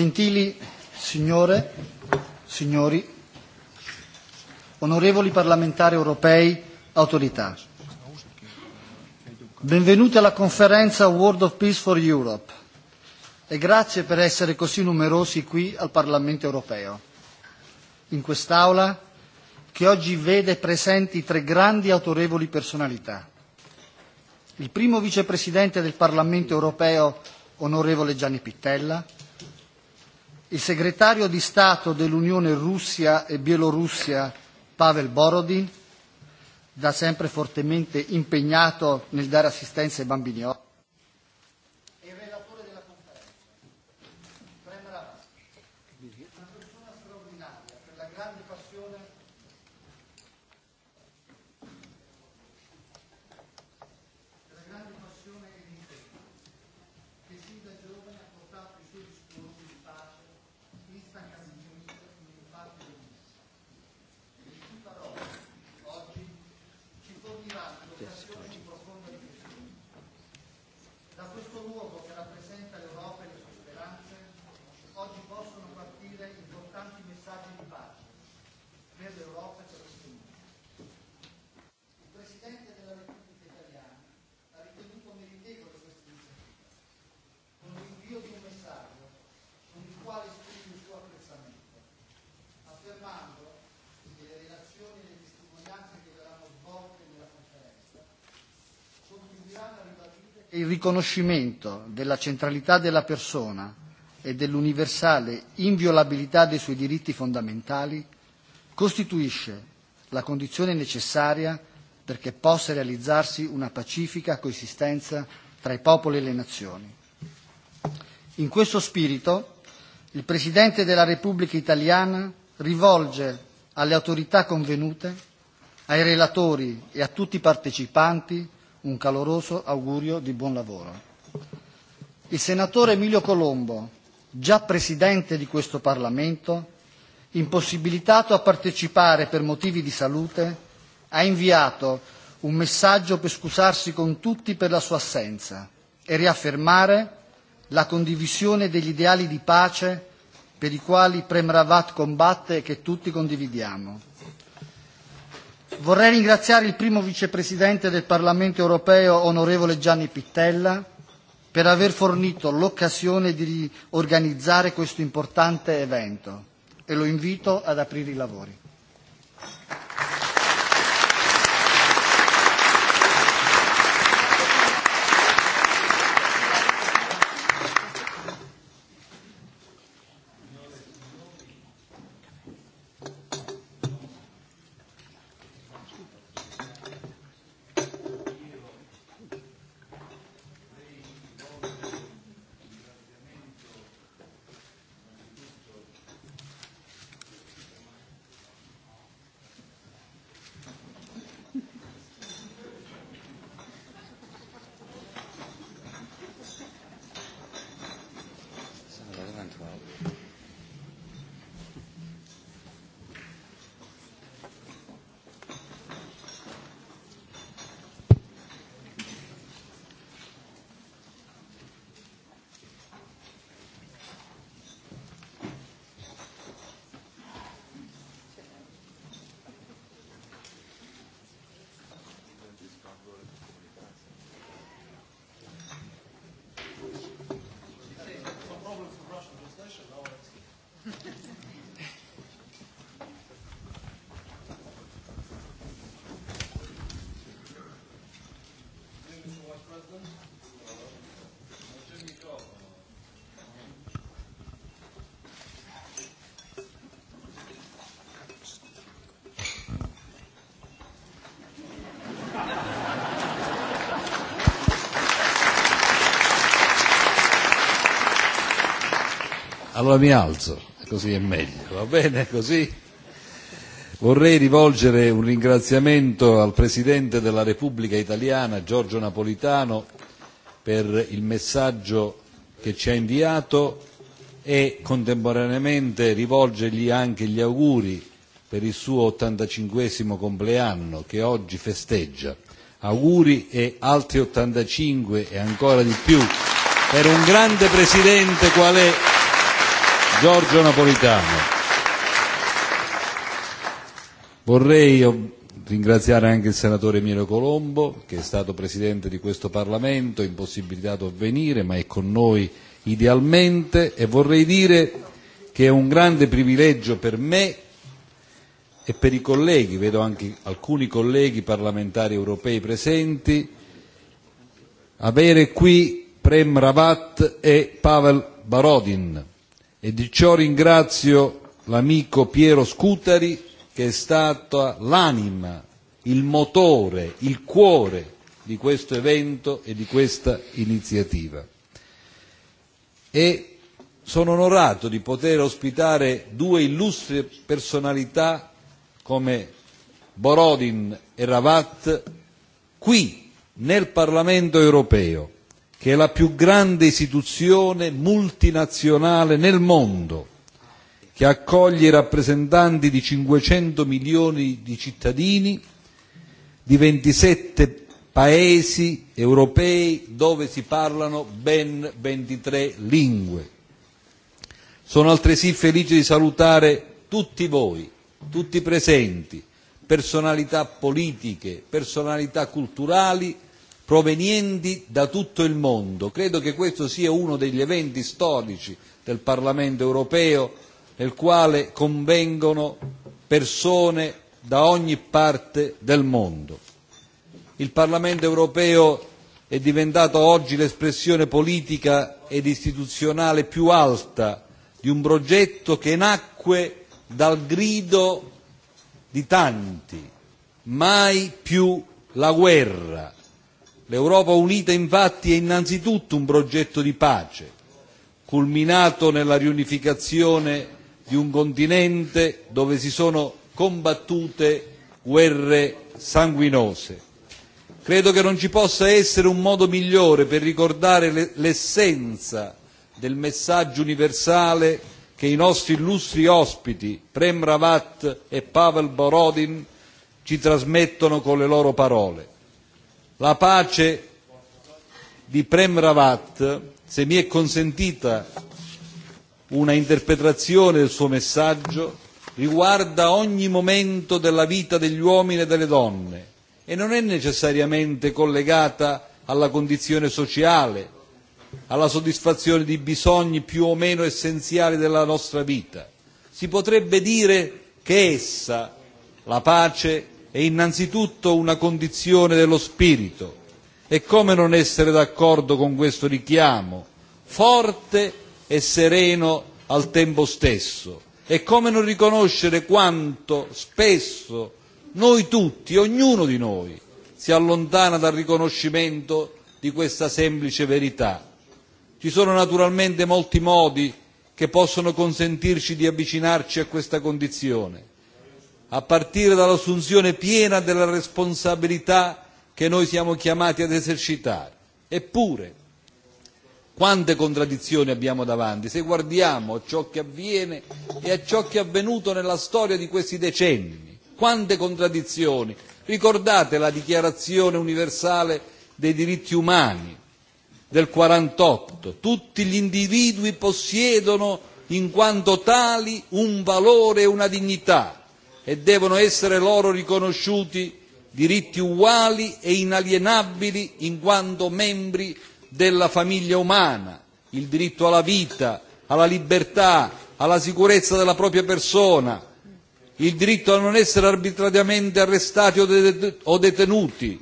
Gentili signore, signori, onorevoli parlamentari europei, autorità. Benvenuti alla conferenza World of Peace for Europe e grazie per essere così numerosi qui al Parlamento europeo, in quest'Aula che oggi vede presenti tre grandi autorevoli personalità. Il primo vicepresidente del Parlamento europeo, onorevole Gianni Pittella, il segretario di Stato dell'Unione Russia e Bielorussia Pavel Borodin, da sempre fortemente impegnato nel dare assistenza ai bambini il riconoscimento della centralità della persona e dell'universale inviolabilità dei suoi diritti fondamentali costituisce la condizione necessaria perché possa realizzarsi una pacifica coesistenza tra i popoli e le nazioni. In questo spirito il Presidente della Repubblica italiana rivolge alle autorità convenute, ai relatori e a tutti i partecipanti un caloroso augurio di buon lavoro. Il senatore Emilio Colombo, già presidente di questo Parlamento, impossibilitato a partecipare per motivi di salute, ha inviato un messaggio per scusarsi con tutti per la sua assenza e riaffermare la condivisione degli ideali di pace per i quali Prem Ravat combatte e che tutti condividiamo vorrei ringraziare il primo vicepresidente del Parlamento europeo, onorevole Gianni Pittella, per aver fornito l'occasione di organizzare questo importante evento e lo invito ad aprire i lavori. Allora mi alzo, così è meglio, va bene così? Vorrei rivolgere un ringraziamento al Presidente della Repubblica Italiana, Giorgio Napolitano, per il messaggio che ci ha inviato e contemporaneamente rivolgergli anche gli auguri per il suo 85 compleanno che oggi festeggia. Auguri e altri 85 e ancora di più per un grande Presidente qual è Giorgio Napolitano. Vorrei ringraziare anche il senatore Miro Colombo che è stato presidente di questo Parlamento, impossibilitato a venire, ma è con noi idealmente e vorrei dire che è un grande privilegio per me e per i colleghi, vedo anche alcuni colleghi parlamentari europei presenti, avere qui Prem Ravat e Pavel Barodin e di ciò ringrazio l'amico Piero Scutari che è stato l'anima, il motore, il cuore di questo evento e di questa iniziativa. E sono onorato di poter ospitare due illustri personalità come Borodin e Ravat qui nel Parlamento europeo che è la più grande istituzione multinazionale nel mondo, che accoglie i rappresentanti di 500 milioni di cittadini di 27 paesi europei dove si parlano ben 23 lingue. Sono altresì felice di salutare tutti voi, tutti i presenti, personalità politiche, personalità culturali provenienti da tutto il mondo. Credo che questo sia uno degli eventi storici del Parlamento europeo nel quale convengono persone da ogni parte del mondo. Il Parlamento europeo è diventato oggi l'espressione politica ed istituzionale più alta di un progetto che nacque dal grido di tanti mai più la guerra L'Europa unita infatti è innanzitutto un progetto di pace, culminato nella riunificazione di un continente dove si sono combattute guerre sanguinose. Credo che non ci possa essere un modo migliore per ricordare l'essenza del messaggio universale che i nostri illustri ospiti, Prem Ravat e Pavel Borodin, ci trasmettono con le loro parole La pace di Prem Rawat, se mi è consentita una interpretazione del suo messaggio, riguarda ogni momento della vita degli uomini e delle donne e non è necessariamente collegata alla condizione sociale, alla soddisfazione di bisogni più o meno essenziali della nostra vita. Si potrebbe dire che essa, la pace, è innanzitutto una condizione dello spirito e come non essere d'accordo con questo richiamo, forte e sereno al tempo stesso, e come non riconoscere quanto spesso noi tutti, ognuno di noi, si allontana dal riconoscimento di questa semplice verità. Ci sono naturalmente molti modi che possono consentirci di avvicinarci a questa condizione, a partire dall'assunzione piena della responsabilità che noi siamo chiamati ad esercitare. Eppure, quante contraddizioni abbiamo davanti se guardiamo a ciò che avviene e a ciò che è avvenuto nella storia di questi decenni. Quante contraddizioni. Ricordate la Dichiarazione universale dei diritti umani del 48. Tutti gli individui possiedono in quanto tali un valore e una dignità e devono essere loro riconosciuti diritti uguali e inalienabili in quanto membri della famiglia umana, il diritto alla vita, alla libertà, alla sicurezza della propria persona, il diritto a non essere arbitrariamente arrestati o detenuti,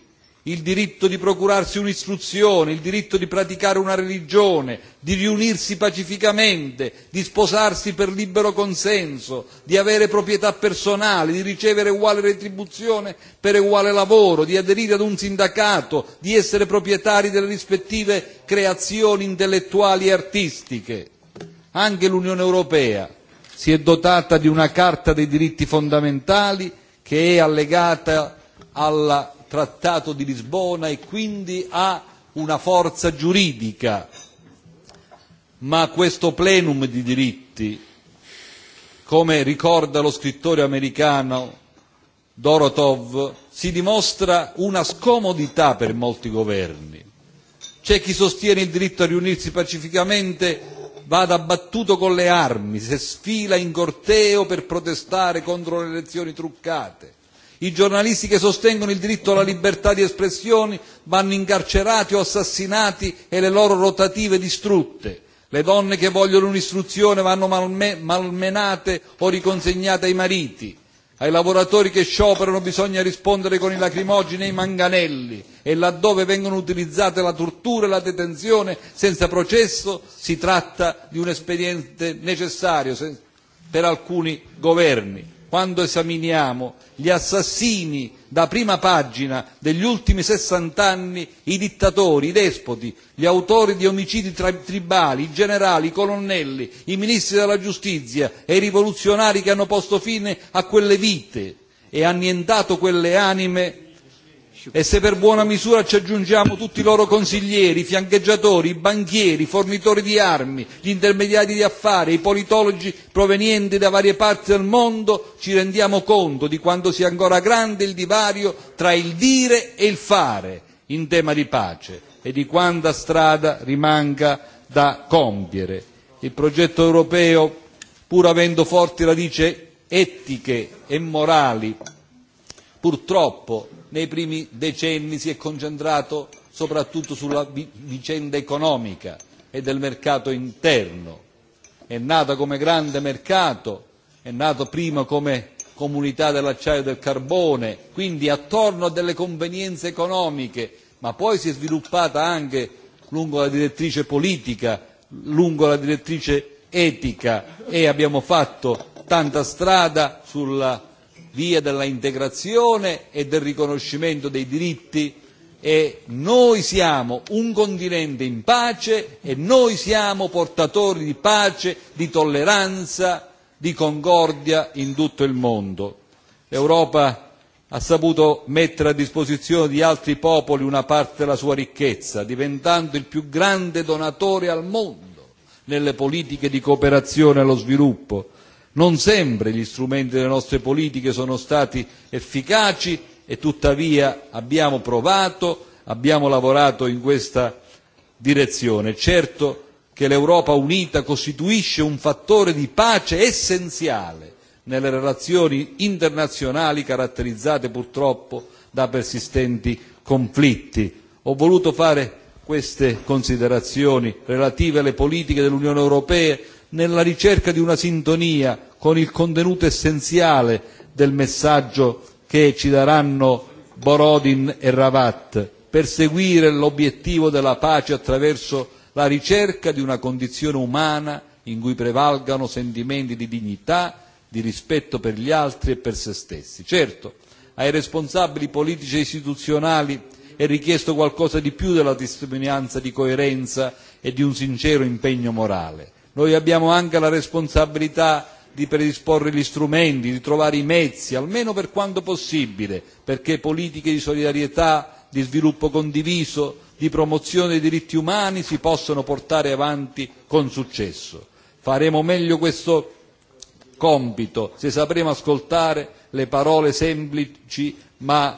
il diritto di procurarsi un'istruzione, il diritto di praticare una religione, di riunirsi pacificamente, di sposarsi per libero consenso, di avere proprietà personale, di ricevere uguale retribuzione per uguale lavoro, di aderire ad un sindacato, di essere proprietari delle rispettive creazioni intellettuali e artistiche. Anche l'Unione Europea si è dotata di una Carta dei diritti fondamentali che è allegata alla Trattato di Lisbona e quindi ha una forza giuridica, ma questo plenum di diritti, come ricorda lo scrittore americano Dorotov, si dimostra una scomodità per molti governi. C'è chi sostiene il diritto a riunirsi pacificamente vada abbattuto con le armi se sfila in corteo per protestare contro le elezioni truccate I giornalisti che sostengono il diritto alla libertà di espressione vanno incarcerati o assassinati e le loro rotative distrutte. Le donne che vogliono un'istruzione vanno malmenate o riconsegnate ai mariti. Ai lavoratori che scioperano bisogna rispondere con i lacrimogeni e i manganelli e laddove vengono utilizzate la tortura e la detenzione senza processo si tratta di un espediente necessario per alcuni governi quando esaminiamo gli assassini da prima pagina degli ultimi sessant'anni, i dittatori, i despoti, gli autori di omicidi tribali, i generali, i colonnelli, i ministri della giustizia e i rivoluzionari che hanno posto fine a quelle vite e annientato quelle anime E se per buona misura ci aggiungiamo tutti i loro consiglieri, i fiancheggiatori, i banchieri, i fornitori di armi, gli intermediari di affari, i politologi provenienti da varie parti del mondo, ci rendiamo conto di quanto sia ancora grande il divario tra il dire e il fare in tema di pace e di quanta strada rimanga da compiere. Il progetto europeo, pur avendo forti radici etiche e morali, purtroppo nei primi decenni si è concentrato soprattutto sulla vicenda economica e del mercato interno. È nata come grande mercato, è nato prima come comunità dell'acciaio e del carbone, quindi attorno a delle convenienze economiche, ma poi si è sviluppata anche lungo la direttrice politica, lungo la direttrice etica e abbiamo fatto tanta strada sulla via della integrazione e del riconoscimento dei diritti e noi siamo un continente in pace e noi siamo portatori di pace, di tolleranza, di concordia in tutto il mondo. L'Europa ha saputo mettere a disposizione di altri popoli una parte della sua ricchezza, diventando il più grande donatore al mondo nelle politiche di cooperazione allo sviluppo Non sempre gli strumenti delle nostre politiche sono stati efficaci e tuttavia abbiamo provato, abbiamo lavorato in questa direzione. Certo che l'Europa unita costituisce un fattore di pace essenziale nelle relazioni internazionali caratterizzate purtroppo da persistenti conflitti. Ho voluto fare queste considerazioni relative alle politiche dell'Unione Europea nella ricerca di una sintonia con il contenuto essenziale del messaggio che ci daranno Borodin e Ravat, perseguire l'obiettivo della pace attraverso la ricerca di una condizione umana in cui prevalgano sentimenti di dignità, di rispetto per gli altri e per se stessi. Certo, ai responsabili politici e istituzionali è richiesto qualcosa di più della testimonianza di coerenza e di un sincero impegno morale. Noi abbiamo anche la responsabilità di predisporre gli strumenti, di trovare i mezzi, almeno per quanto possibile, perché politiche di solidarietà, di sviluppo condiviso, di promozione dei diritti umani si possano portare avanti con successo. Faremo meglio questo compito se sapremo ascoltare le parole semplici ma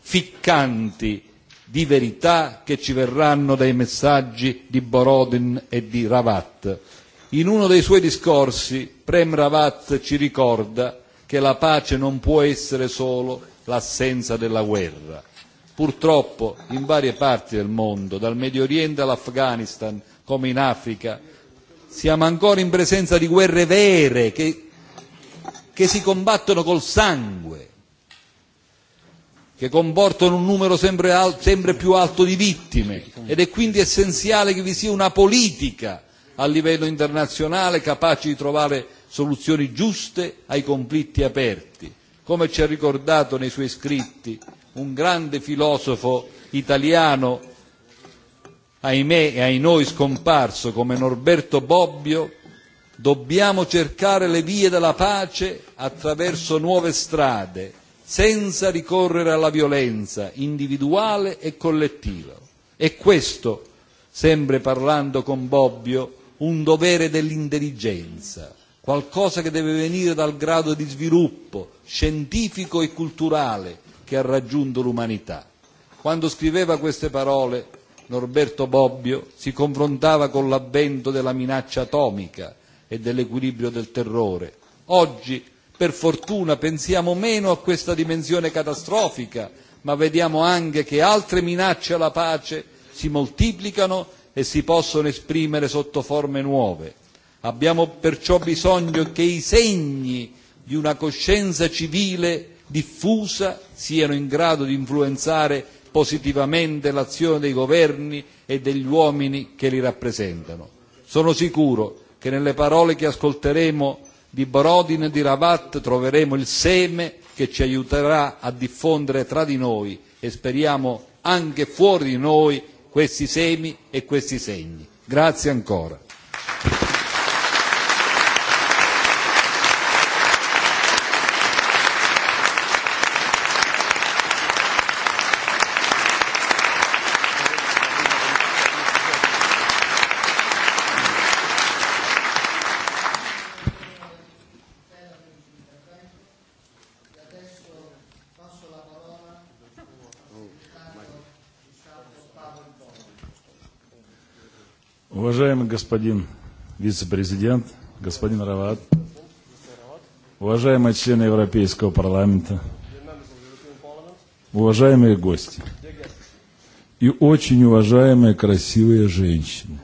ficcanti di verità che ci verranno dai messaggi di Borodin e di Ravat. In uno dei suoi discorsi Prem Rawat ci ricorda che la pace non può essere solo l'assenza della guerra. Purtroppo in varie parti del mondo, dal Medio Oriente all'Afghanistan come in Africa, siamo ancora in presenza di guerre vere che che si combattono col sangue, che comportano un numero sempre più alto di vittime ed è quindi essenziale che vi sia una politica a livello internazionale capaci di trovare soluzioni giuste ai conflitti aperti. Come ci ha ricordato nei suoi scritti un grande filosofo italiano, ahimè e ai noi scomparso come Norberto Bobbio, dobbiamo cercare le vie della pace attraverso nuove strade, senza ricorrere alla violenza individuale e collettiva. E questo, sempre parlando con Bobbio, un dovere dell'intelligenza, qualcosa che deve venire dal grado di sviluppo scientifico e culturale che ha raggiunto l'umanità. Quando scriveva queste parole, Norberto Bobbio si confrontava con l'avvento della minaccia atomica e dell'equilibrio del terrore. Oggi, per fortuna, pensiamo meno a questa dimensione catastrofica, ma vediamo anche che altre minacce alla pace si moltiplicano e si possono esprimere sotto forme nuove. Abbiamo perciò bisogno che i segni di una coscienza civile diffusa siano in grado di influenzare positivamente l'azione dei governi e degli uomini che li rappresentano. Sono sicuro che nelle parole che ascolteremo di Borodin e di Rabat troveremo il seme che ci aiuterà a diffondere tra di noi e speriamo anche fuori di noi questi semi e questi segni. Grazie ancora. Уважаемый господин вице-президент, господин Рават, уважаемые члены Европейского парламента, уважаемые гости и очень уважаемые красивые женщины.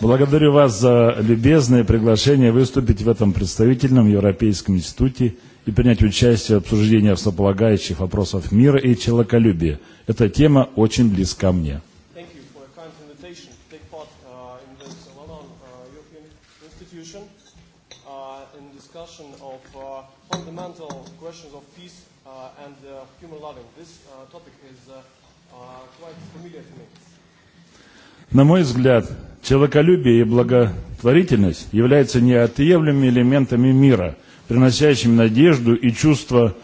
Благодарю вас за любезное приглашение выступить в этом представительном Европейском институте и принять участие в обсуждении основополагающих вопросов мира и человеколюбия. Эта тема очень близка мне. На мой взгляд, человеколюбие и благотворительность являются неотъемлемыми элементами мира – приносящим надежду и чувство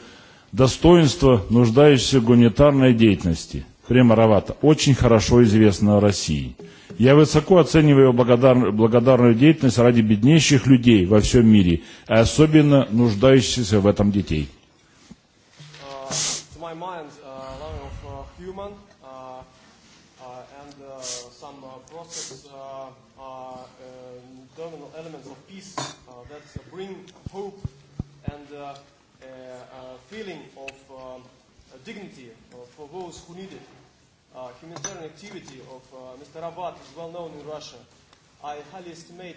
достоинства нуждающейся в гуманитарной деятельности. Према Равата очень хорошо известна России. Я высоко оцениваю благодарную деятельность ради беднейших людей во всем мире, а особенно нуждающихся в этом детей. hope and a feeling of dignity for those who need it. Humanitarian activity of Mr. Rabat is well known in Russia. I highly estimate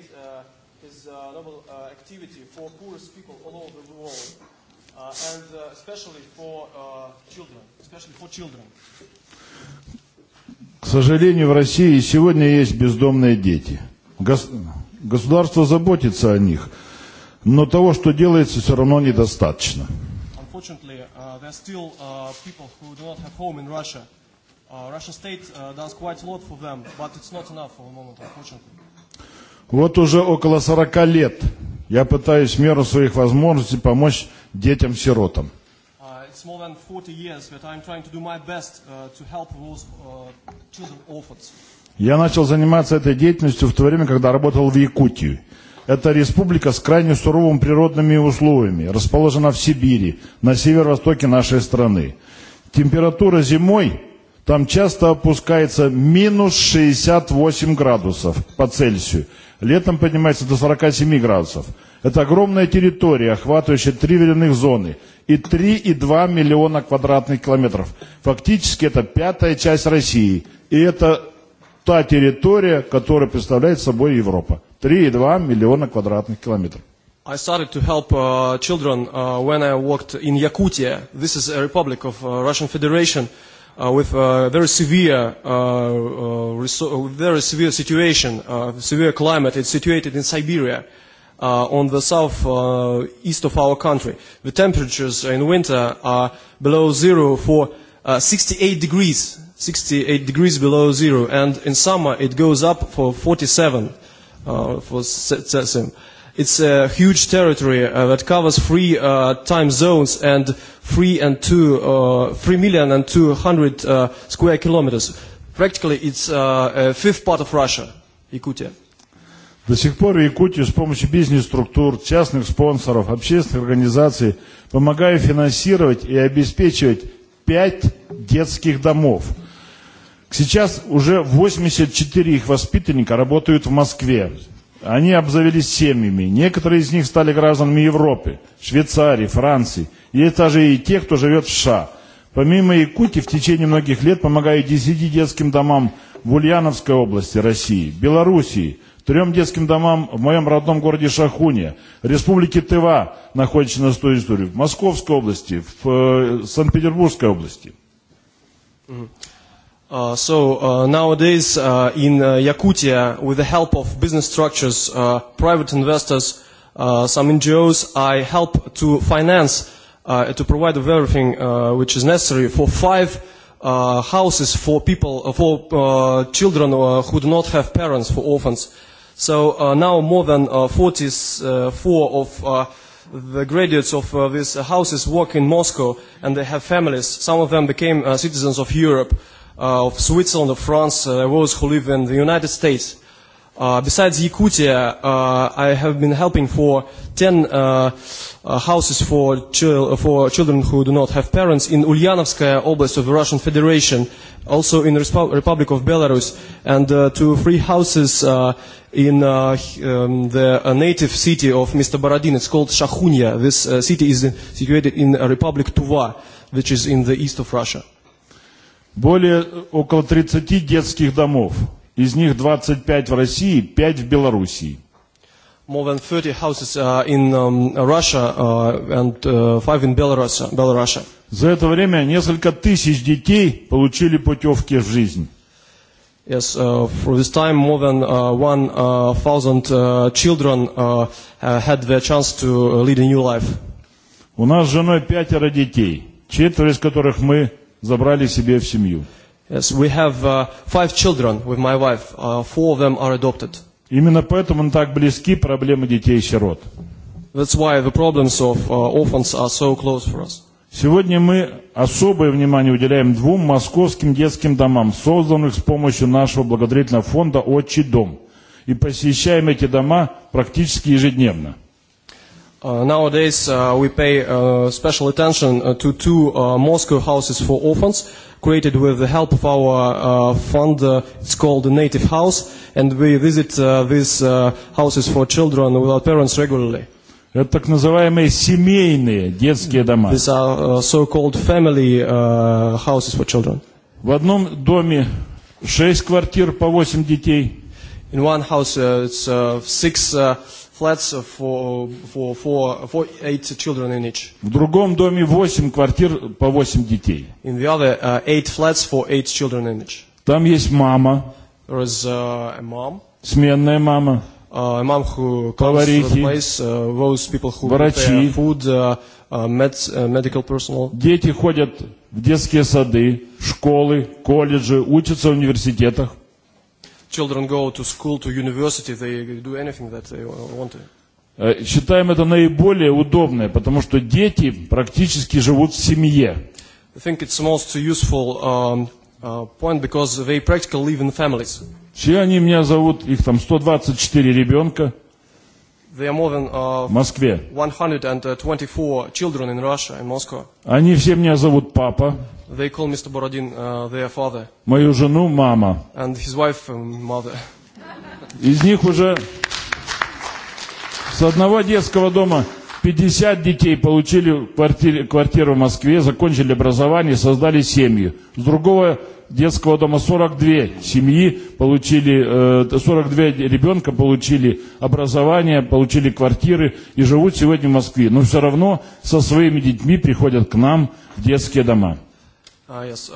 his noble activity for poorest people all over the world, and especially for children, especially for children. К сожалению, в России сегодня есть бездомные дети. Государство заботится о них, Μόνο το είναι ακόμα ανεπαρκές. Ευτυχώς, που δεν έχει σπίτι στη Ρωσία, η Ρωσική κυβέρνηση κάνει πολλά γι' αυτούς, αλλά δεν είναι αρκετά. Ευτυχώς, υπάρχουν ακόμα ανθρώποι που δεν έχουν σπίτι στη Ρωσία. Ευτυχώς, η Ρωσική κυβέρνηση κάνει πολλά γι' αυτούς, αλλά δεν είναι αρκετά. Ε Это республика с крайне суровыми природными условиями, расположена в Сибири, на северо-востоке нашей страны. Температура зимой там часто опускается минус 68 градусов по Цельсию. Летом поднимается до 47 градусов. Это огромная территория, охватывающая три временных зоны и 3,2 миллиона квадратных километров. Фактически это пятая часть России. И это та территория, которая представляет собой Европа. 3,2 миллиона квадратных километров. I started to help children when I worked in Yakutia. This is a republic of uh, Russian Federation with a very severe, very severe situation, severe climate. It's situated in Siberia, on the south east of our country. The temperatures in winter are below zero for uh, 68 degrees, 68 degrees below zero, and in summer it goes up for 47 uh, for CESIM. It's a huge territory uh, that covers three uh, time zones and three and two, uh, three million and two hundred uh, square kilometers. Practically, it's uh, a fifth part of Russia, Yakutia. До сих пор Якутию с помощью бизнес-структур, частных спонсоров, общественных организаций помогаю финансировать и обеспечивать пять детских домов – Сейчас уже 84 их воспитанника работают в Москве. Они обзавелись семьями. Некоторые из них стали гражданами Европы, Швейцарии, Франции. и это же и те, кто живет в США. Помимо Якутии, в течение многих лет помогают 10 детским домам в Ульяновской области России, Белоруссии, трем детским домам в моем родном городе Шахуне, Республике Тыва, находящейся на той истории, в Московской области, в Санкт-Петербургской области. So nowadays in Yakutia, with the help of business structures, private investors, some NGOs, I help to finance, to provide everything which is necessary for five houses for people, for children who do not have parents, for orphans. So now more than 44 of the graduates of these houses work in Moscow and they have families. Some of them became citizens of Europe of Switzerland, of France, those who live in the United States. Besides Yakutia, I have been helping for 10 houses for children who do not have parents in Ulyanovskaya Oblast of the Russian Federation, also in the Republic of Belarus, and to three houses in the native city of Mr. Baradin. It's called Shakhunya. This city is situated in Republic Tuva, which is in the east of Russia более около 30 детских домов. Из них 25 в России, 5 в Белоруссии. More than 30 houses in Russia and 5 in Belarus. Belarus. За это время несколько тысяч детей получили путевки в жизнь. Yes, for this time more than 1,000 children had the chance to lead a new life. У нас с женой пятеро детей, четверо из которых мы забрали себе в семью. Yes, we have uh, five children with my wife. Uh, four of them are adopted. Именно поэтому так близки проблемы детей-сирот. That's why the problems of uh, orphans are so close for us. Сегодня мы особое внимание уделяем двум московским детским домам, созданных с помощью нашего благотворительного фонда «Отчий дом». И посещаем эти дома практически ежедневно. Nowadays, we pay special attention to two Moscow houses for orphans, created with the help of our fund. It's called the Native House, and we visit these houses for children without parents regularly. Это так называемые семейные детские These are so-called family houses for children. В одном доме шесть квартир по восемь детей. In one house, it's six flats for, for, for, for eight children in each. В другом доме 8 квартир по 8 детей. In the other, uh, eight flats for eight children in each. Там есть мама. There is uh, a mom. Сменная мама. Uh, a mom who comes to the place, uh, those people who prepare food, uh, uh, med, uh, medical personnel. Дети ходят в детские сады, школы, колледжи, учатся в университетах children go to school, to university, they do anything that they want to. Считаем это наиболее удобное, потому что дети практически живут в семье. I think it's most useful point because they practically live in families. Все они меня зовут, их там 124 ребенка. There are more than uh, Москве. 124 children in Russia, in Moscow. Они все меня зовут папа. They call Mr. Borodin uh, their father. Мою жену мама. And his wife mother. Из них уже с одного детского дома 50 детей получили квартиру в Москве, закончили образование, создали семью. С другого детского дома 42 семьи получили, 42 ребенка получили образование, получили квартиры и живут сегодня в Москве. Но все равно со своими детьми приходят к нам в детские дома. Uh, Yes,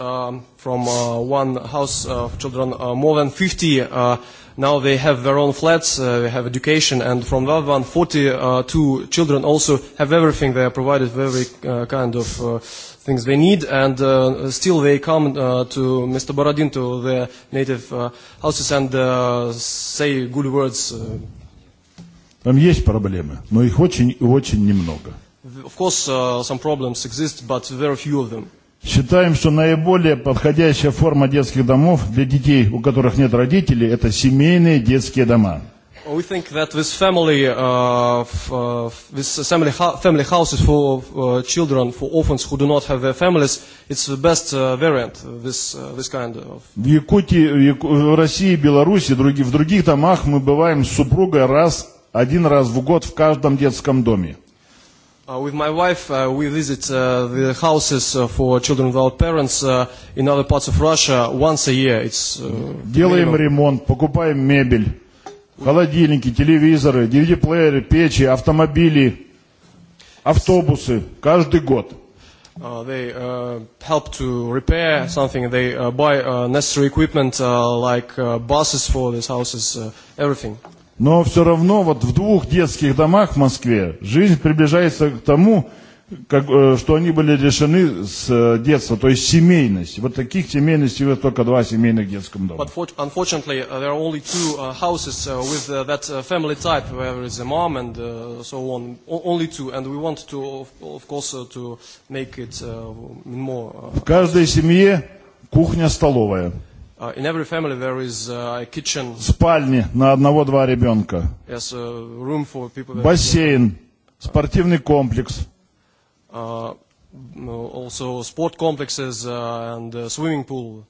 from uh, one house of children, uh, more than 50 uh, now they have their own flats, uh, they have education, and from that one, 42 uh, children also have everything. They are provided very uh, kind of uh, things they need, and still they come to Mr. Borodin, to their native houses, and say good words. Там есть проблемы, но их очень очень немного. Of course, some problems exist, but very few of them. Считаем, что наиболее подходящая форма детских домов для детей, у которых нет родителей, это семейные детские дома. We think that this family, this family, family houses for children, for orphans who do not have their families, it's the best variant. This, this kind of. В Якутии, в России, Беларуси, других в других домах мы бываем с супругой раз, один раз в год в каждом детском доме. With my wife, we visit the houses for children without parents in other parts of Russia once a year. It's. Делаем ремонт, покупаем мебель холодильники, телевизоры, DVD-плееры, печи, автомобили, автобусы каждый год. They help to repair something. They buy necessary equipment like buses for these houses, everything. Но все равно вот в двух детских домах в Москве жизнь приближается к тому, как, что они были лишены с детства, то есть семейность. Вот таких семейностей вот только два семейных в детском доме. But for, unfortunately, there are only two uh, houses uh, with uh, that uh, family type, where there is a mom and uh, so on. O only two, and we want to, of, of course, uh, to make it uh, more. Uh, в каждой семье кухня-столовая. Uh, In every family there is uh, a kitchen. Спальни на одного-два ребенка. Yes, uh, room for people. Бассейн, спортивный комплекс also sport complexes and swimming pool.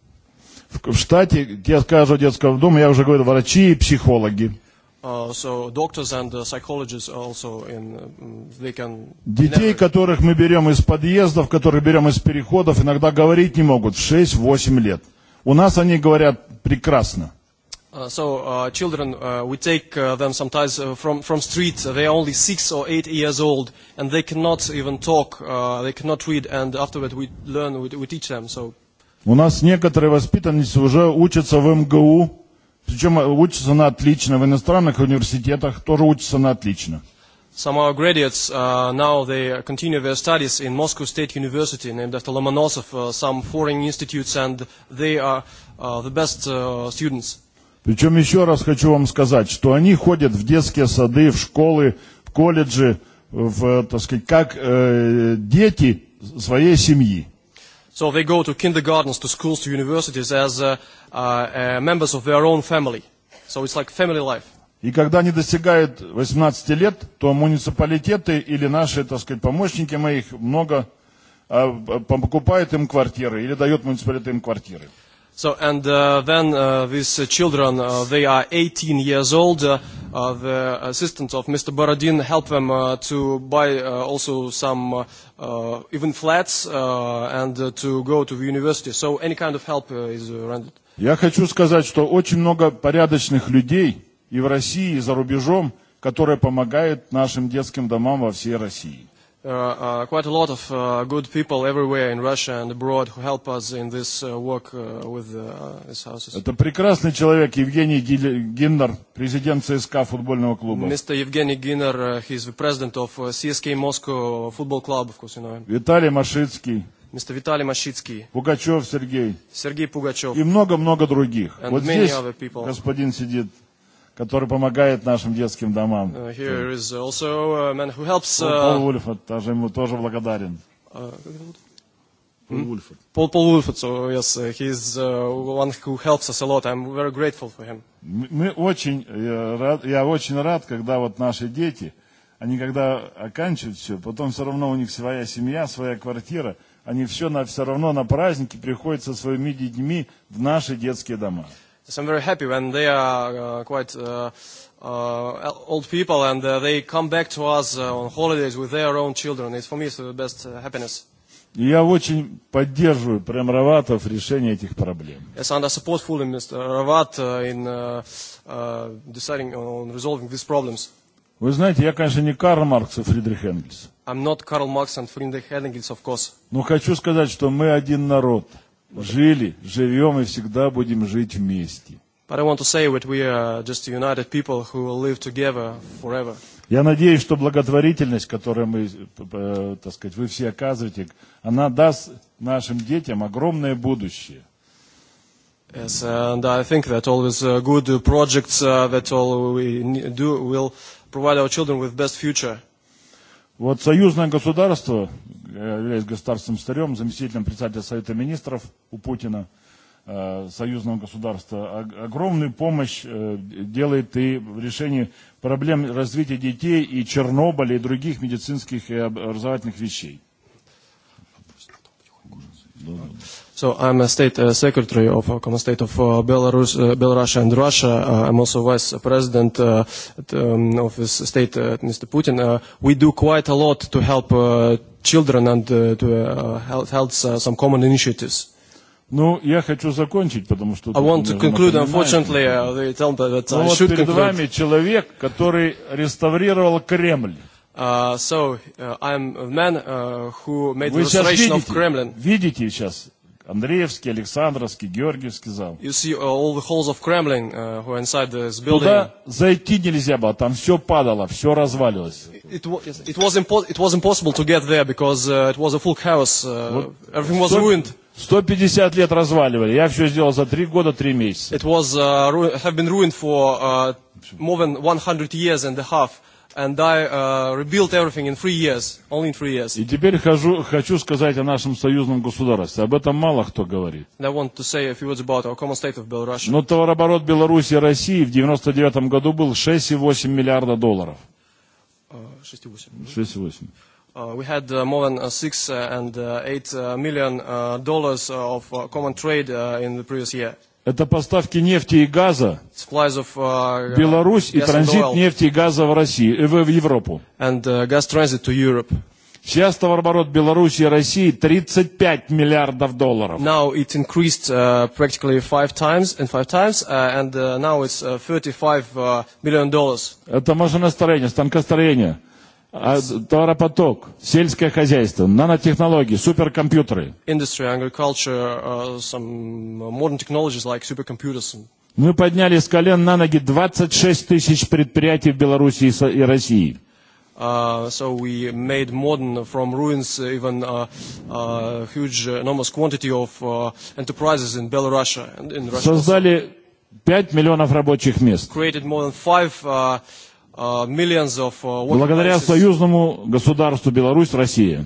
В штате, я скажу, детского дома, я уже говорил, врачи и психологи. So doctors and psychologists also in they can. Детей, которых мы берем из подъездов, которых берем из переходов, иногда говорить не могут 6-8 лет. У нас они говорят прекрасно. So children, we take them sometimes from from street. They are only six or eight years old, and they cannot even talk. They cannot read. And afterward, we learn. We teach them. So. У нас некоторые воспитанницы уже учатся в МГУ, причем учатся на отлично в иностранных университетах, тоже учатся на отлично. Some of our graduates now they continue their studies in Moscow State University, named after Lomonosov, some foreign institutes, and they are the best students. Причем еще раз хочу вам сказать, что они ходят в детские сады, в школы, в колледжи, в, так сказать, как э, дети своей семьи. So they go to kindergartens, to schools, to universities as members of their own family. So it's like family life. И когда они достигают 18 лет, то муниципалитеты или наши, так сказать, помощники моих много покупают им квартиры или дают муниципалитетам квартиры. So and then these children, they are 18 years old. The assistants of Mr. Borodin help them to buy also some even flats and to go to the university. So any kind of help is rendered. Я хочу сказать, что очень много порядочных людей и в России, и за рубежом, которые помогают нашим детским домам во всей России. Πολλοί καλοί άνθρωποι σε όλη τη Ρωσία και εκτός, που μας βοηθούν σε αυτήν την δουλειά με αυτά τα κοινότητα. Ο κ. Ευγένης Γίνερ είναι πρόεδρος του CSK Moscow Football Club. Ο κ. Βιτάλια Μασίτσικη. Ο κ. Πουγατσόφ Сергέη. Και πολλοί άλλοι. Και πολλοί άλλοι άνθρωποι который помогает нашим детским домам. Here is also a man who helps. Пол Вульфорд, тоже ему тоже благодарен. Пол Пол Wolford, so yes, he's one who helps us a lot. I'm very grateful for him. Мы очень рад, я очень рад, когда вот наши дети, они когда оканчивают все, потом все равно у них своя семья, своя квартира, они все, на, все равно на праздники приходят со своими детьми в наши детские дома. So I'm very happy when they are quite old people and they come back to us on holidays with their own children. It's for me the best happiness. Я очень поддерживаю прям Раватов в решении этих проблем. Yes, and I support fully Mr. Rawat in uh, deciding on resolving these problems. Вы знаете, я, конечно, не Карл Маркс и Фридрих Энгельс. I'm not Karl Marx and Friedrich Engels, of course. Но хочу сказать, что мы один народ жили, живем и всегда будем жить вместе. But I want to say that we are just a united people who will live together forever. Я надеюсь, что благотворительность, которую мы, так сказать, вы все оказываете, она даст нашим детям огромное будущее. Yes, and I think that all these good projects that all we do will provide our children with best future. Вот союзное государство являюсь государственным старем, заместителем председателя Совета Министров у Путина, союзного государства. Огромную помощь делает и в решении проблем развития детей и Чернобыля, и других медицинских и образовательных вещей. So I'm a state secretary of common state of Belarus, Belarus and Russia. I'm also vice president of this state, Mr. Putin. We do quite a lot to help children and uh, to uh, help uh, some common initiatives. Ну, я хочу закончить, потому что... I want to conclude, unfortunately, uh, they tell that, that I should conclude. перед вами человек, который реставрировал Кремль. Uh, so, uh, I'm a man uh, who made Вы the restoration видите, of Kremlin. видите сейчас Андреевский, Александровский, Георгиевский зал. You see all the halls of Kremlin who are inside this building. Туда зайти нельзя было, там все падало, все развалилось. It was it was impossible to get there because it was a full chaos. Everything was ruined. 150 лет разваливали. Я все сделал за 3 года, 3 месяца. It was have been ruined for more than 100 years and a half and I rebuilt everything in three years, only in three years. И теперь хочу хочу сказать о нашем союзном государстве. Об этом мало кто говорит. I want to say a few words about our common state of Belarus. Но товарооборот Беларуси и России в 99 году был 6,8 миллиарда долларов. 6,8. We had more than six and eight million dollars of common trade in the previous year. Это поставки нефти и газа в Беларусь и транзит нефти и газа в Россию, в Европу. And, uh, gas to Сейчас товарооборот Беларуси и России 35 миллиардов долларов. Now it increased uh, practically five times and five times, uh, and uh, now it's uh, 35 uh, million dollars. Это машиностроение, станкостроение А, Товаропоток, сельское хозяйство, нанотехнологии, суперкомпьютеры. Industry, agriculture, some modern technologies like supercomputers. Мы подняли с колен на ноги 26 тысяч предприятий в Беларуси и России. So we made modern from ruins even a huge enormous quantity of enterprises in Belarus and in Russia. Создали 5 миллионов рабочих мест. Created more than 5 Благодаря союзному государству Беларусь, Россия.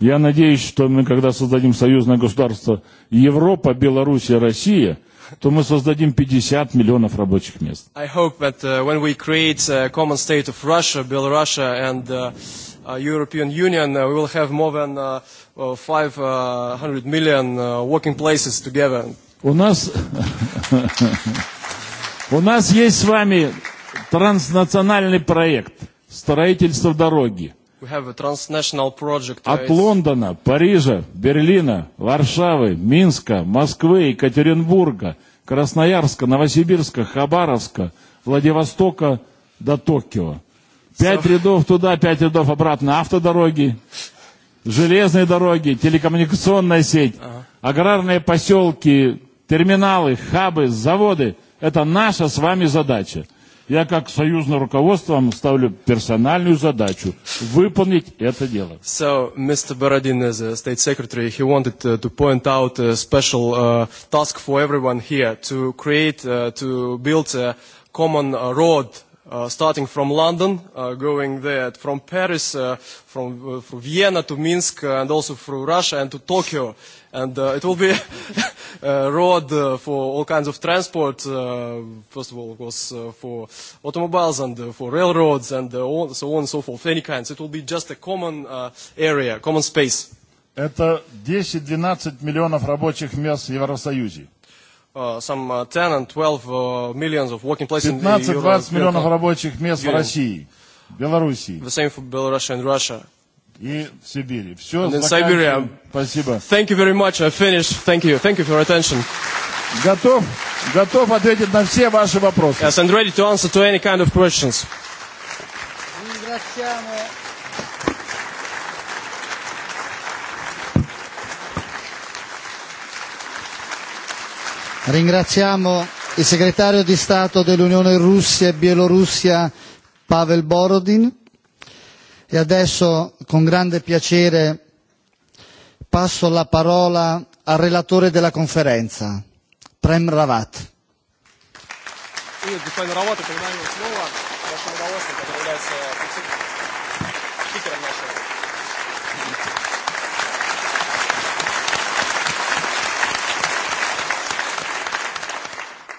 Я надеюсь, что мы, когда создадим союзное государство Европа, Беларусь и Россия, то мы создадим 50 миллионов рабочих мест. I hope that when we create a common state of Russia, Belarus and European Union, we will have more than 500 million working places together. У нас У нас есть с вами транснациональный проект строительства дороги. От Лондона, Парижа, Берлина, Варшавы, Минска, Москвы, Екатеринбурга, Красноярска, Новосибирска, Хабаровска, Владивостока до Токио. Пять рядов туда, пять рядов обратно. Автодороги, железные дороги, телекоммуникационная сеть, аграрные поселки, терминалы, хабы, заводы – это наша с вами задача. Я как союзное руководство вам ставлю персональную задачу выполнить это дело. So, Mr. Baradin, as a State Secretary, he wanted uh, to point out a special uh, task for everyone here to create, uh, to build a common uh, road uh, starting from London, uh, going there from Paris, uh, from, uh, from Vienna to Minsk, uh, and also through Russia and to Tokyo and it will be a road for all kinds of transport, first of all, of course, for automobiles and for railroads and so on and so forth, any kinds. It will be just a common area, common space. Это 10-12 миллионов рабочих мест в Евросоюзе. Some 10 12 millions of working 15-20 миллионов рабочих мест в России, Белоруссии. The same for Belarus and Russia и в Сибири. Все, Спасибо. Thank you very much. I finished. Thank you. Thank you for your attention. Готов, готов ответить на все ваши вопросы. Yes, and ready to answer to any kind of questions. Ringraziamo il segretario di Stato dell'Unione Russia e Bielorussia Pavel Borodin E adesso, con grande piacere, passo la parola al relatore della conferenza, Prem Ravat.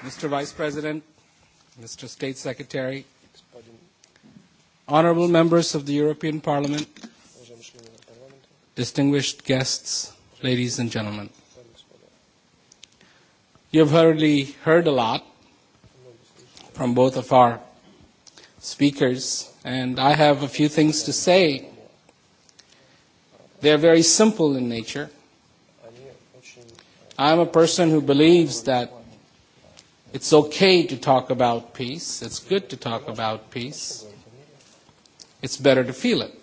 Mr. Vice President, Mr. State Secretary, honourable members of the European Parliament, distinguished guests, ladies and gentlemen. You have hardly heard a lot from both of our speakers, and I have a few things to say. They are very simple in nature. I am a person who believes that it's okay to talk about peace. It's good to talk about peace. It's better to feel it.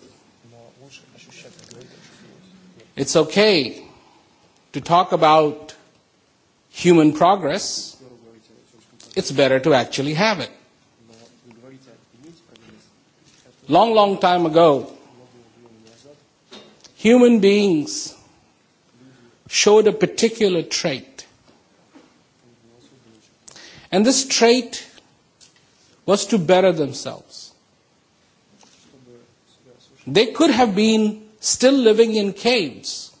It's okay to talk about human progress. It's better to actually have it. Long, long time ago, human beings showed a particular trait. And this trait was to better themselves They could have been still living in caves.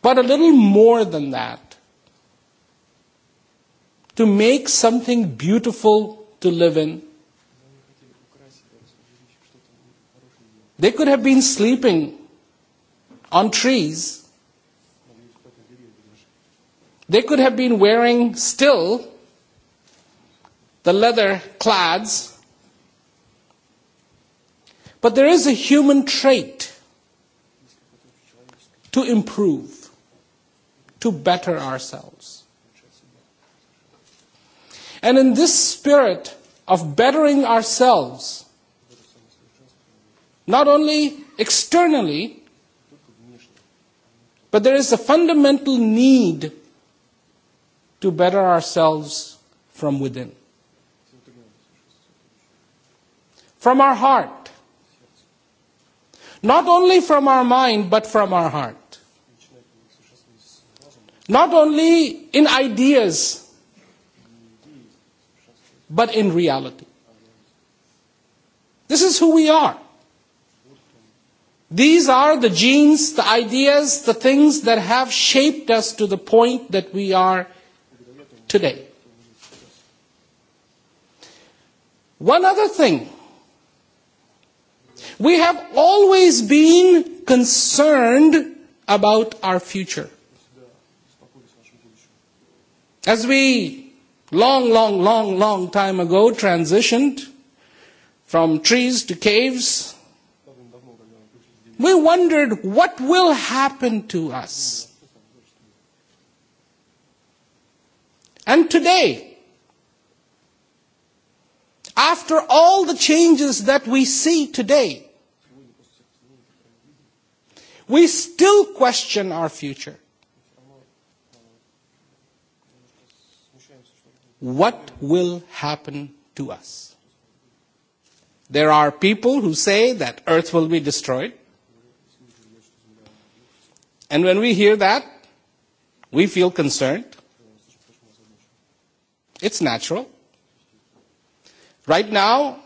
But a little more than that. To make something beautiful to live in. They could have been sleeping on trees. They could have been wearing still the leather clads But there is a human trait to improve, to better ourselves. And in this spirit of bettering ourselves, not only externally, but there is a fundamental need to better ourselves from within, from our heart Not only from our mind, but from our heart. Not only in ideas, but in reality. This is who we are. These are the genes, the ideas, the things that have shaped us to the point that we are today. One other thing We have always been concerned about our future. As we long, long, long, long time ago transitioned from trees to caves, we wondered what will happen to us. And today, after all the changes that we see today, we still question our future. What will happen to us? There are people who say that Earth will be destroyed. And when we hear that, we feel concerned. It's natural. Right now,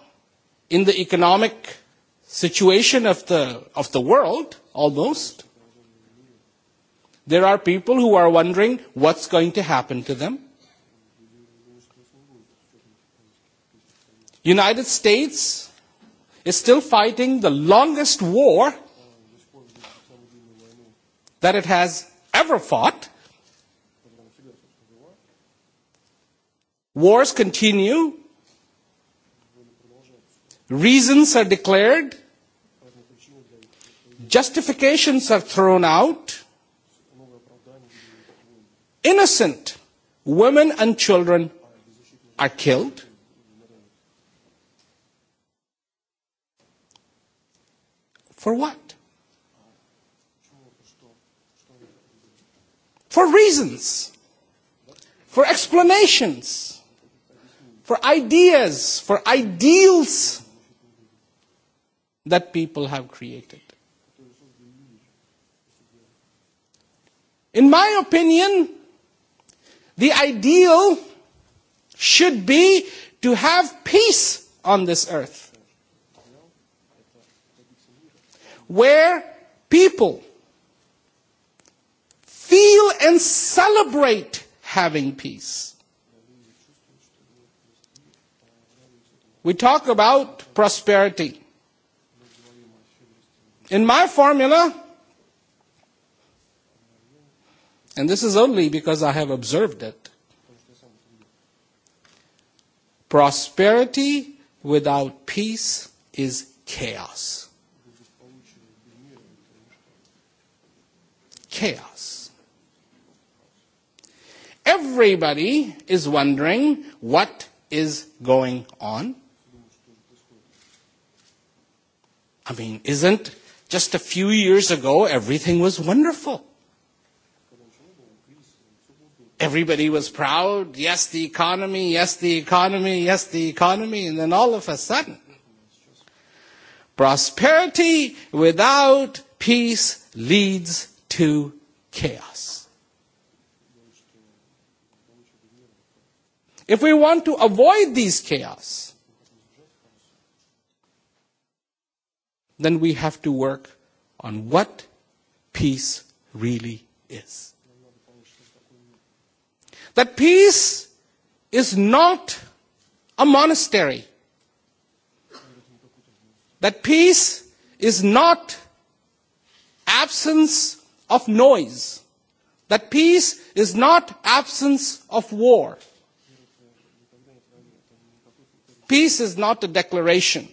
in the economic situation of the of the world almost, there are people who are wondering what's going to happen to them. United States is still fighting the longest war that it has ever fought. Wars continue Reasons are declared, justifications are thrown out, innocent women and children are killed. For what? For reasons, for explanations, for ideas, for ideals that people have created. In my opinion, the ideal should be to have peace on this earth, where people feel and celebrate having peace. We talk about prosperity. In my formula, and this is only because I have observed it, prosperity without peace is chaos. Chaos. Everybody is wondering what is going on. I mean, isn't Just a few years ago, everything was wonderful. Everybody was proud. Yes, the economy. Yes, the economy. Yes, the economy. And then all of a sudden, prosperity without peace leads to chaos. If we want to avoid these chaos, then we have to work on what peace really is. That peace is not a monastery. That peace is not absence of noise. That peace is not absence of war. Peace is not a declaration.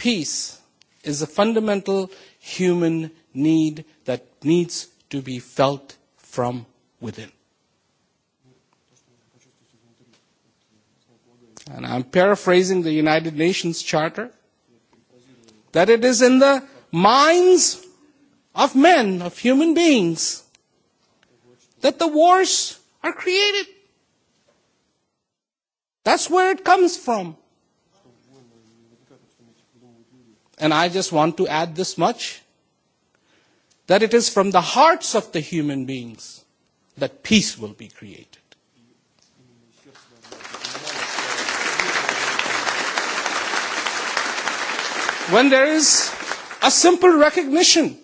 Peace is a fundamental human need that needs to be felt from within. And I'm paraphrasing the United Nations Charter, that it is in the minds of men, of human beings, that the wars are created. That's where it comes from. and I just want to add this much, that it is from the hearts of the human beings that peace will be created. When there is a simple recognition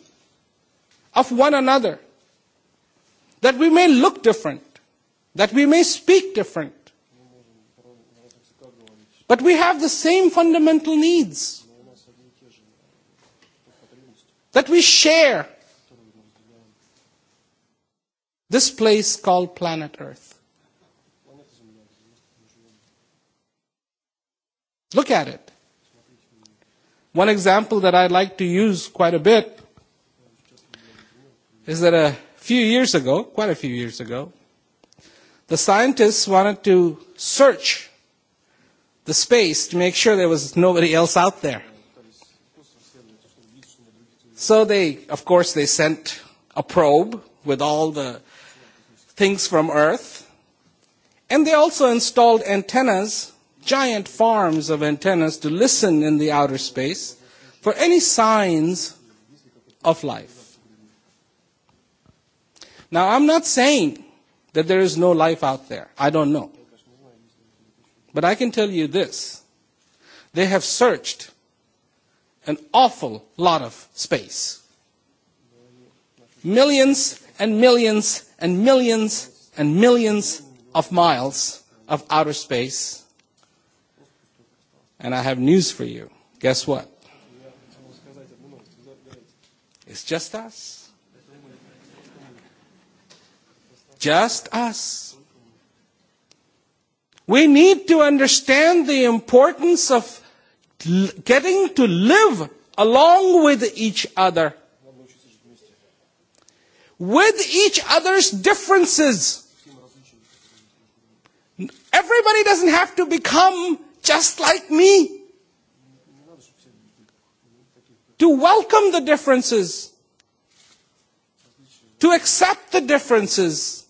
of one another, that we may look different, that we may speak different, but we have the same fundamental needs that we share this place called planet Earth. Look at it. One example that I like to use quite a bit is that a few years ago, quite a few years ago, the scientists wanted to search the space to make sure there was nobody else out there. So they, of course, they sent a probe with all the things from Earth. And they also installed antennas, giant farms of antennas, to listen in the outer space for any signs of life. Now, I'm not saying that there is no life out there. I don't know. But I can tell you this. They have searched an awful lot of space. Millions and millions and millions and millions of miles of outer space. And I have news for you. Guess what? It's just us. Just us. We need to understand the importance of getting to live along with each other, with each other's differences. Everybody doesn't have to become just like me. To welcome the differences. To accept the differences.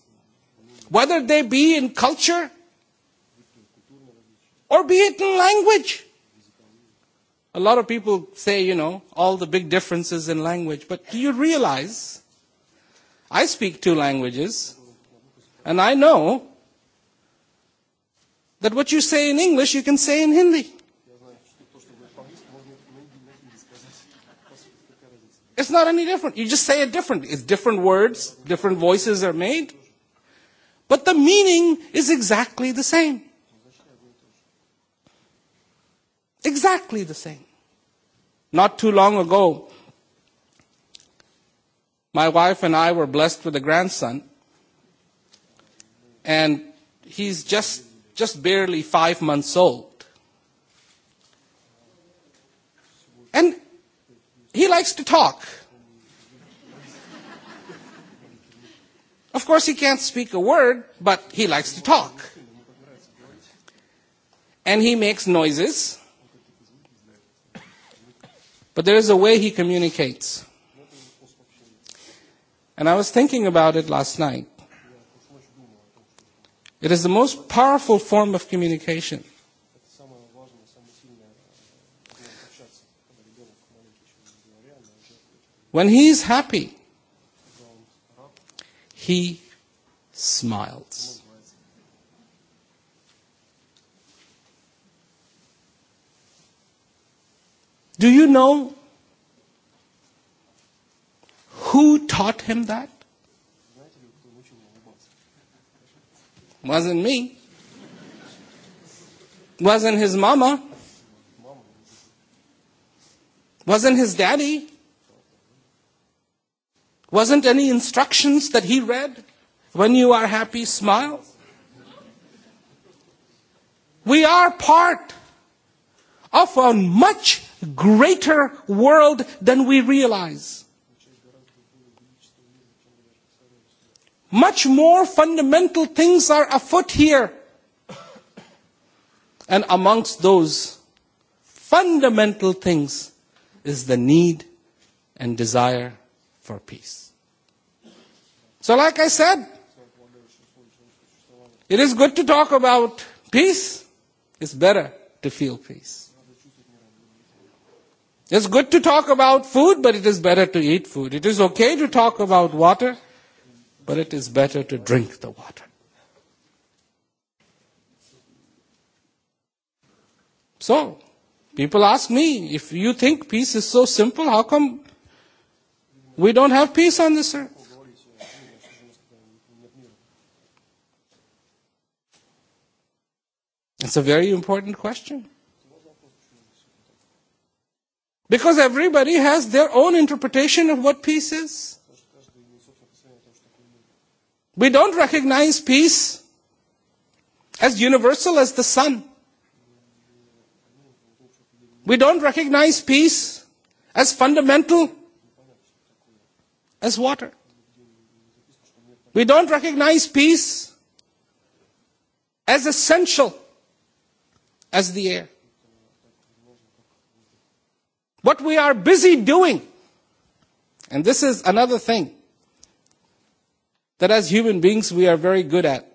Whether they be in culture or be it in language. A lot of people say, you know, all the big differences in language, but do you realize I speak two languages and I know that what you say in English you can say in Hindi. It's not any different. You just say it differently. It's different words, different voices are made. But the meaning is exactly the same. Exactly the same. Not too long ago, my wife and I were blessed with a grandson, and he's just just barely five months old. And he likes to talk. Of course, he can't speak a word, but he likes to talk. And he makes noises. But there is a way he communicates. And I was thinking about it last night. It is the most powerful form of communication. When he is happy, he smiles. Do you know who taught him that? Wasn't me. Wasn't his mama. Wasn't his daddy. Wasn't any instructions that he read? When you are happy, smile. We are part of a much greater world than we realize. Much more fundamental things are afoot here. And amongst those fundamental things is the need and desire for peace. So like I said, it is good to talk about peace. It's better to feel peace. It's good to talk about food, but it is better to eat food. It is okay to talk about water, but it is better to drink the water. So, people ask me, if you think peace is so simple, how come we don't have peace on this earth? It's a very important question. Because everybody has their own interpretation of what peace is. We don't recognize peace as universal as the sun. We don't recognize peace as fundamental as water. We don't recognize peace as essential as the air. What we are busy doing. And this is another thing that as human beings we are very good at.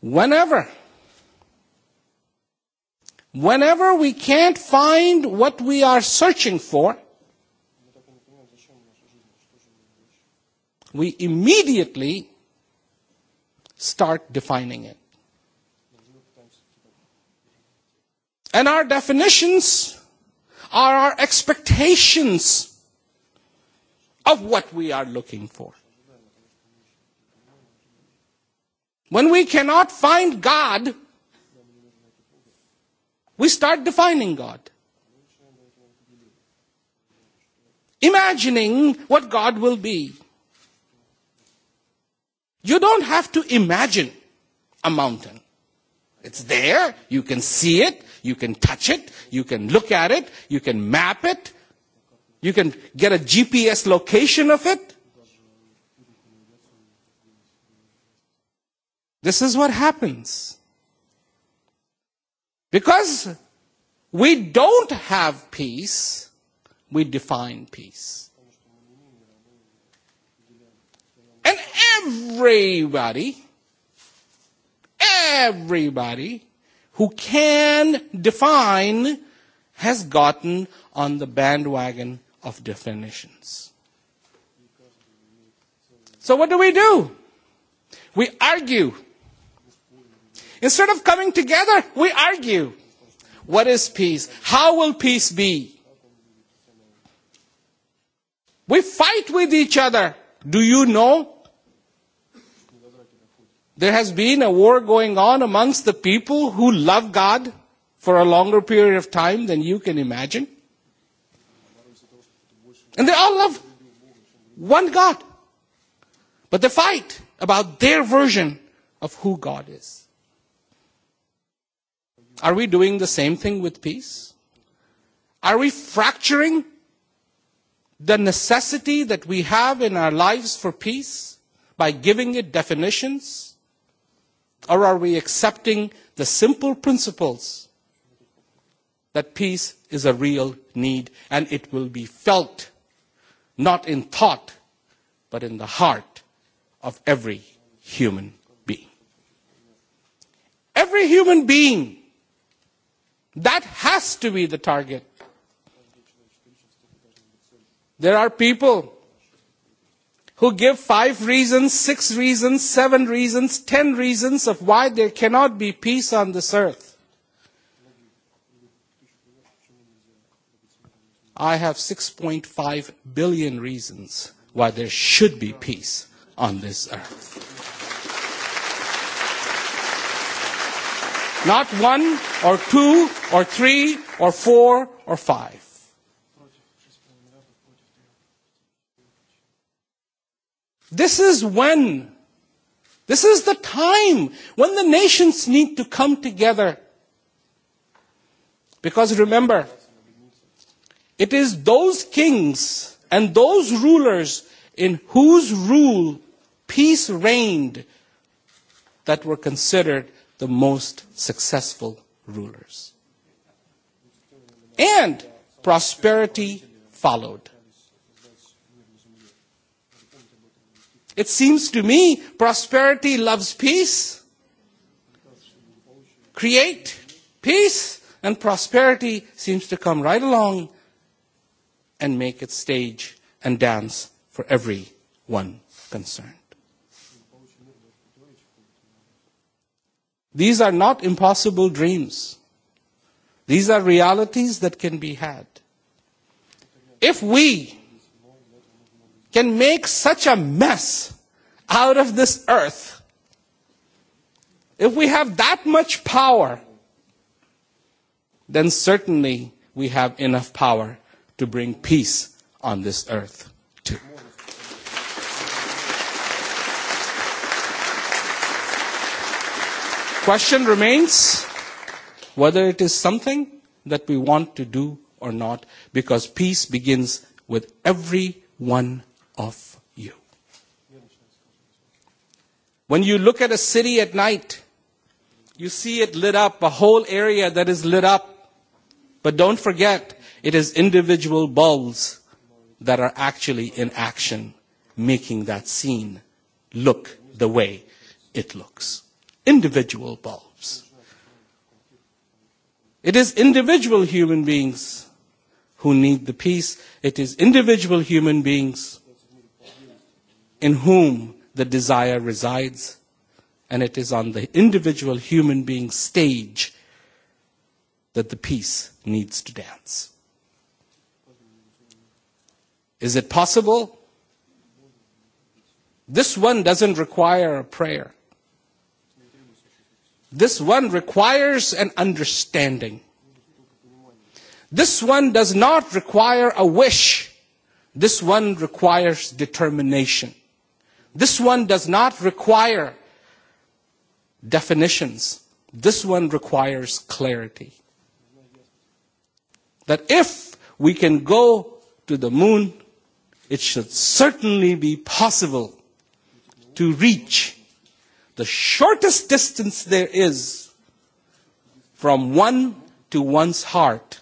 Whenever, whenever we can't find what we are searching for, we immediately start defining it. And our definitions are our expectations of what we are looking for. When we cannot find God, we start defining God. Imagining what God will be. You don't have to imagine a mountain. It's there, you can see it, You can touch it. You can look at it. You can map it. You can get a GPS location of it. This is what happens. Because we don't have peace, we define peace. And everybody, everybody who can define has gotten on the bandwagon of definitions. So what do we do? We argue. Instead of coming together, we argue. What is peace? How will peace be? We fight with each other. Do you know There has been a war going on amongst the people who love God for a longer period of time than you can imagine. And they all love one God. But they fight about their version of who God is. Are we doing the same thing with peace? Are we fracturing the necessity that we have in our lives for peace by giving it definitions Or are we accepting the simple principles that peace is a real need and it will be felt not in thought but in the heart of every human being? Every human being, that has to be the target. There are people who give five reasons, six reasons, seven reasons, ten reasons of why there cannot be peace on this earth. I have 6.5 billion reasons why there should be peace on this earth. Not one or two or three or four or five. This is when, this is the time when the nations need to come together. Because remember, it is those kings and those rulers in whose rule peace reigned that were considered the most successful rulers. And prosperity followed. It seems to me prosperity loves peace. Create peace and prosperity seems to come right along and make its stage and dance for everyone concerned. These are not impossible dreams. These are realities that can be had. If we can make such a mess out of this earth if we have that much power then certainly we have enough power to bring peace on this earth too question remains whether it is something that we want to do or not because peace begins with every one of you. When you look at a city at night, you see it lit up, a whole area that is lit up. But don't forget, it is individual bulbs that are actually in action, making that scene look the way it looks. Individual bulbs. It is individual human beings who need the peace. It is individual human beings in whom the desire resides, and it is on the individual human being stage that the peace needs to dance. Is it possible? This one doesn't require a prayer. This one requires an understanding. This one does not require a wish. This one requires determination. This one does not require definitions. This one requires clarity. That if we can go to the moon, it should certainly be possible to reach the shortest distance there is from one to one's heart.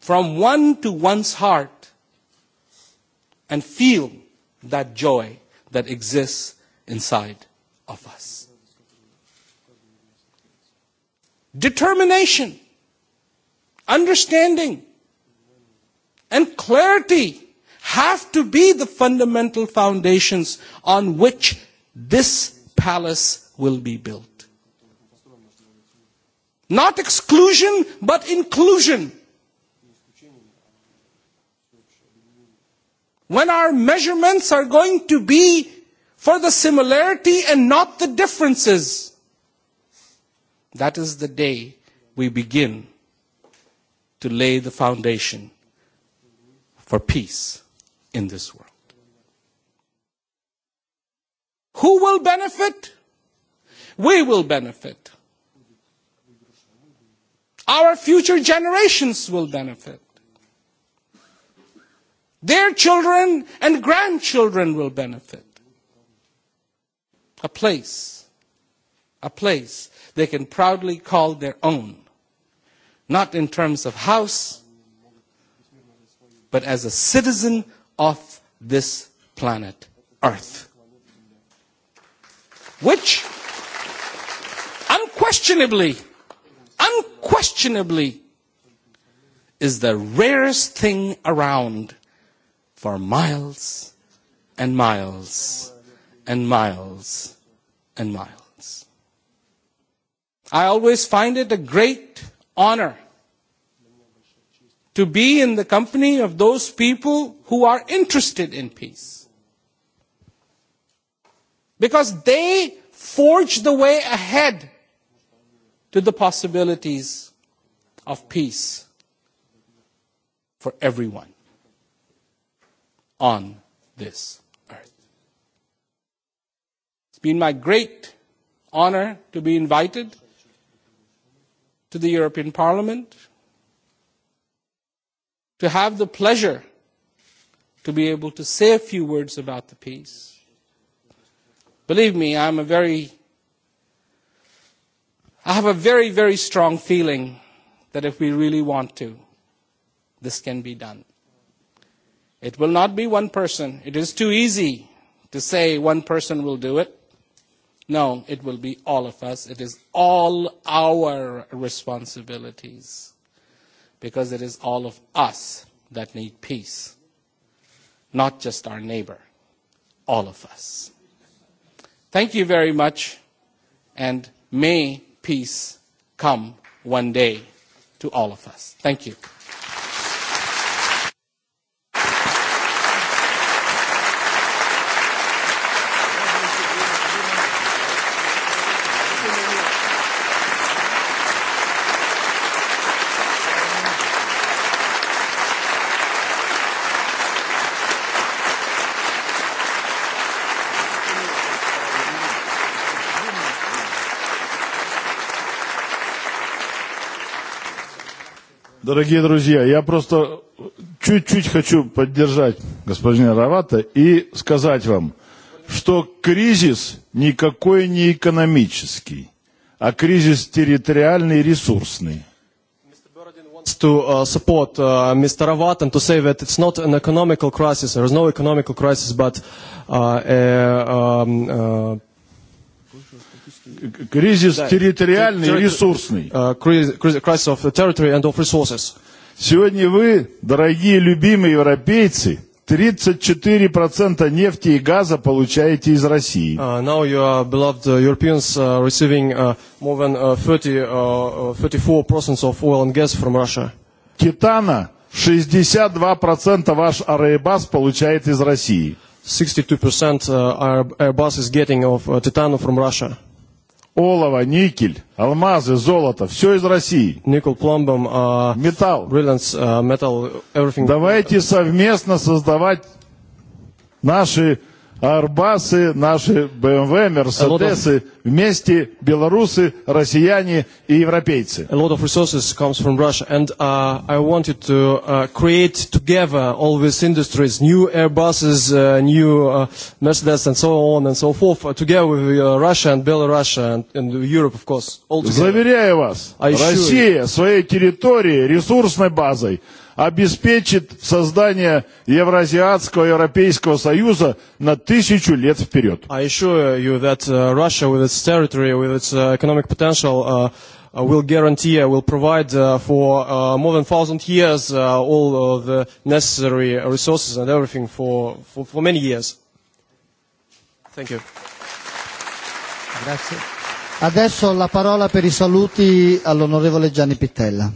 From one to one's heart and feel that joy that exists inside of us. Determination, understanding, and clarity have to be the fundamental foundations on which this palace will be built. Not exclusion, but inclusion when our measurements are going to be for the similarity and not the differences. That is the day we begin to lay the foundation for peace in this world. Who will benefit? We will benefit. Our future generations will benefit. Their children and grandchildren will benefit. A place, a place they can proudly call their own, not in terms of house, but as a citizen of this planet Earth. Which unquestionably, unquestionably is the rarest thing around for miles and miles and miles and miles. I always find it a great honor to be in the company of those people who are interested in peace. Because they forge the way ahead to the possibilities of peace for everyone on this earth. It's been my great honor to be invited to the European Parliament, to have the pleasure to be able to say a few words about the peace. Believe me, I'm a very, I have a very, very strong feeling that if we really want to, this can be done. It will not be one person. It is too easy to say one person will do it. No, it will be all of us. It is all our responsibilities because it is all of us that need peace, not just our neighbor, all of us. Thank you very much, and may peace come one day to all of us. Thank you. Дорогие друзья, я просто чуть-чуть хочу поддержать господина Равата и сказать вам, что кризис никакой не экономический, а кризис территориальный и ресурсный. To support Mr. and to say that it's not an economical crisis, there is no economical crisis, but a Кризис территориальный и ресурсный. Crisis of territory and of resources. Сегодня вы, дорогие любимые европейцы, 34% нефти и газа получаете из России. Now you are beloved Europeans receiving more than 34% of oil and gas from Russia. Титана 62% ваш Airbus получает из России. 62% Airbus is getting of titanium from Russia олово, никель, алмазы, золото, все из России. Nickel, plumbum, uh, металл. Brilliance, uh, metal, everything. Давайте совместно создавать наши Арбасы, наши БМВ, Мерседесы, вместе белорусы, россияне и европейцы. A lot of resources comes from Russia, and I wanted to create together all these industries, new Airbuses, new Mercedes, and so on and so forth, together with Russia and Belarus and Europe, of course. Заверяю вас, Россия своей территории ресурсной базой обеспечит создание Евразиатского Европейского Союза на тысячу лет вперед. I assure you that Russia with its territory, with its economic potential will guarantee, will provide for more than 1,000 years all the necessary resources and everything for, for, for many years. Thank you. Grazie. Adesso la parola per i saluti all'onorevole Gianni Pittella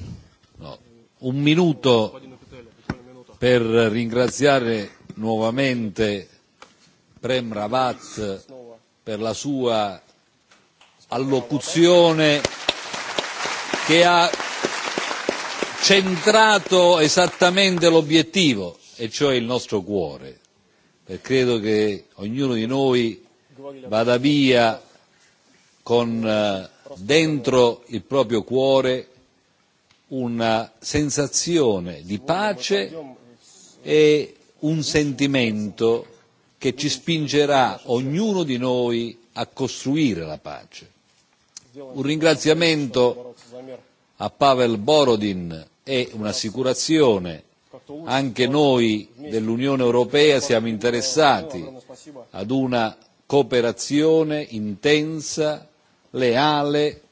un minuto per ringraziare nuovamente Prem Ravat per la sua allocuzione che ha centrato esattamente l'obiettivo e cioè il nostro cuore perché credo che ognuno di noi vada via con dentro il proprio cuore una sensazione di pace e un sentimento che ci spingerà ognuno di noi a costruire la pace. Un ringraziamento a Pavel Borodin e un'assicurazione anche noi dell'Unione Europea siamo interessati ad una cooperazione intensa, leale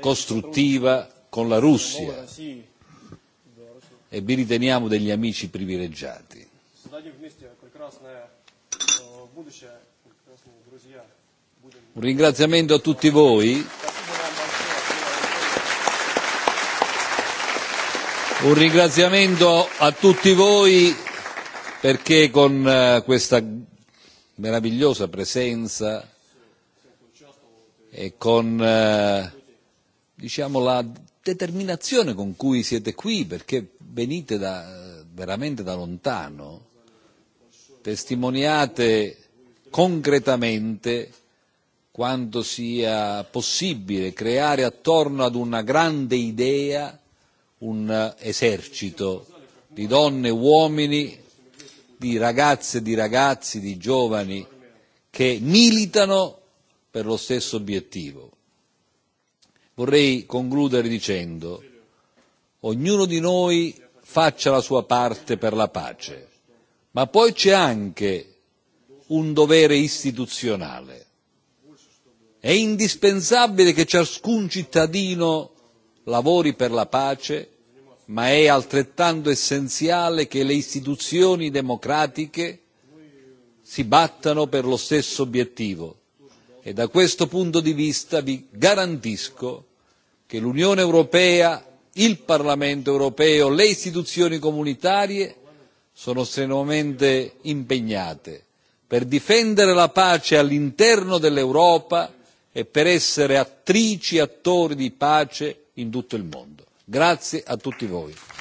costruttiva con la Russia e vi riteniamo degli amici privilegiati. Un ringraziamento a tutti voi. Un ringraziamento a tutti voi perché con questa meravigliosa presenza e con diciamo la determinazione con cui siete qui perché venite da veramente da lontano testimoniate concretamente quanto sia possibile creare attorno ad una grande idea un esercito di donne e uomini di ragazze e di ragazzi di giovani che militano per lo stesso obiettivo. Vorrei concludere dicendo ognuno di noi faccia la sua parte per la pace, ma poi c'è anche un dovere istituzionale. È indispensabile che ciascun cittadino lavori per la pace, ma è altrettanto essenziale che le istituzioni democratiche si battano per lo stesso obiettivo, e da questo punto di vista vi garantisco che l'unione europea il parlamento europeo le istituzioni comunitarie sono strenuamente impegnate per difendere la pace all'interno dell'europa e per essere attrici e attori di pace in tutto il mondo. grazie a tutti voi.